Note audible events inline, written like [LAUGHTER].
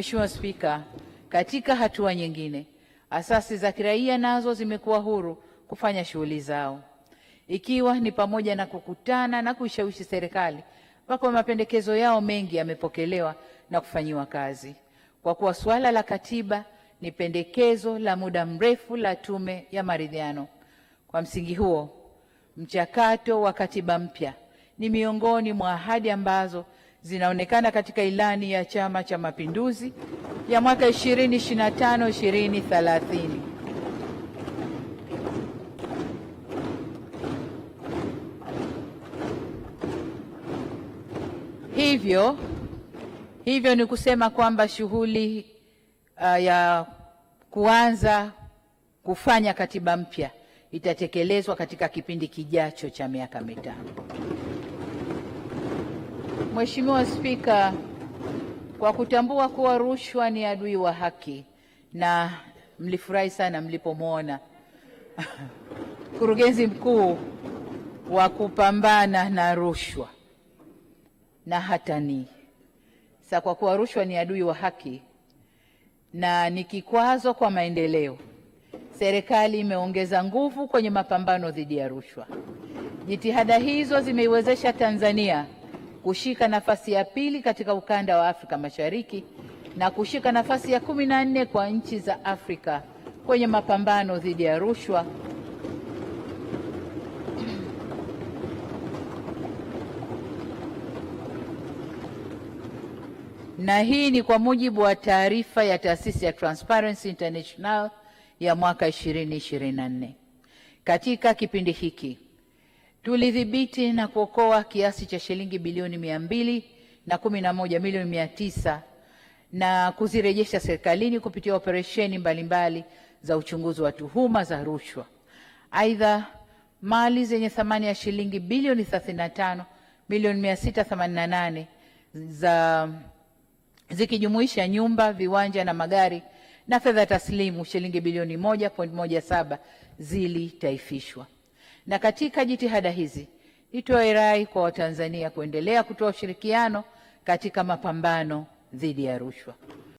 Mheshimiwa Spika, katika hatua nyingine, asasi za kiraia nazo zimekuwa huru kufanya shughuli zao, ikiwa ni pamoja na kukutana na kuishawishi serikali, ambapo mapendekezo yao mengi yamepokelewa na kufanyiwa kazi. Kwa kuwa suala la katiba ni pendekezo la muda mrefu la Tume ya Maridhiano, kwa msingi huo mchakato wa katiba mpya ni miongoni mwa ahadi ambazo zinaonekana katika ilani ya Chama cha Mapinduzi ya mwaka 2025 2030. Hivyo hivyo ni kusema kwamba shughuli uh, ya kuanza kufanya katiba mpya itatekelezwa katika kipindi kijacho cha miaka mitano. Mheshimiwa Spika, kwa kutambua kuwa rushwa ni adui wa haki na mlifurahi sana mlipomwona [LAUGHS] mkurugenzi mkuu wa kupambana na rushwa na hata ni sa, kwa kuwa rushwa ni adui wa haki na ni kikwazo kwa maendeleo, serikali imeongeza nguvu kwenye mapambano dhidi ya rushwa. Jitihada hizo zimeiwezesha Tanzania kushika nafasi ya pili katika ukanda wa Afrika Mashariki na kushika nafasi ya kumi na nne kwa nchi za Afrika kwenye mapambano dhidi ya rushwa na hii ni kwa mujibu wa taarifa ya taasisi ya Transparency International ya mwaka 2024. Katika kipindi hiki tulidhibiti na kuokoa kiasi cha shilingi bilioni mia mbili na kumi na moja milioni mia tisa na kuzirejesha serikalini kupitia operesheni mbalimbali za uchunguzi wa tuhuma za rushwa. Aidha, mali zenye thamani ya shilingi bilioni 35 milioni 688 za zikijumuisha nyumba, viwanja na magari na fedha taslimu shilingi bilioni 1.17 zilitaifishwa. Na katika jitihada hizi nitoe rai kwa Watanzania kuendelea kutoa ushirikiano katika mapambano dhidi ya rushwa.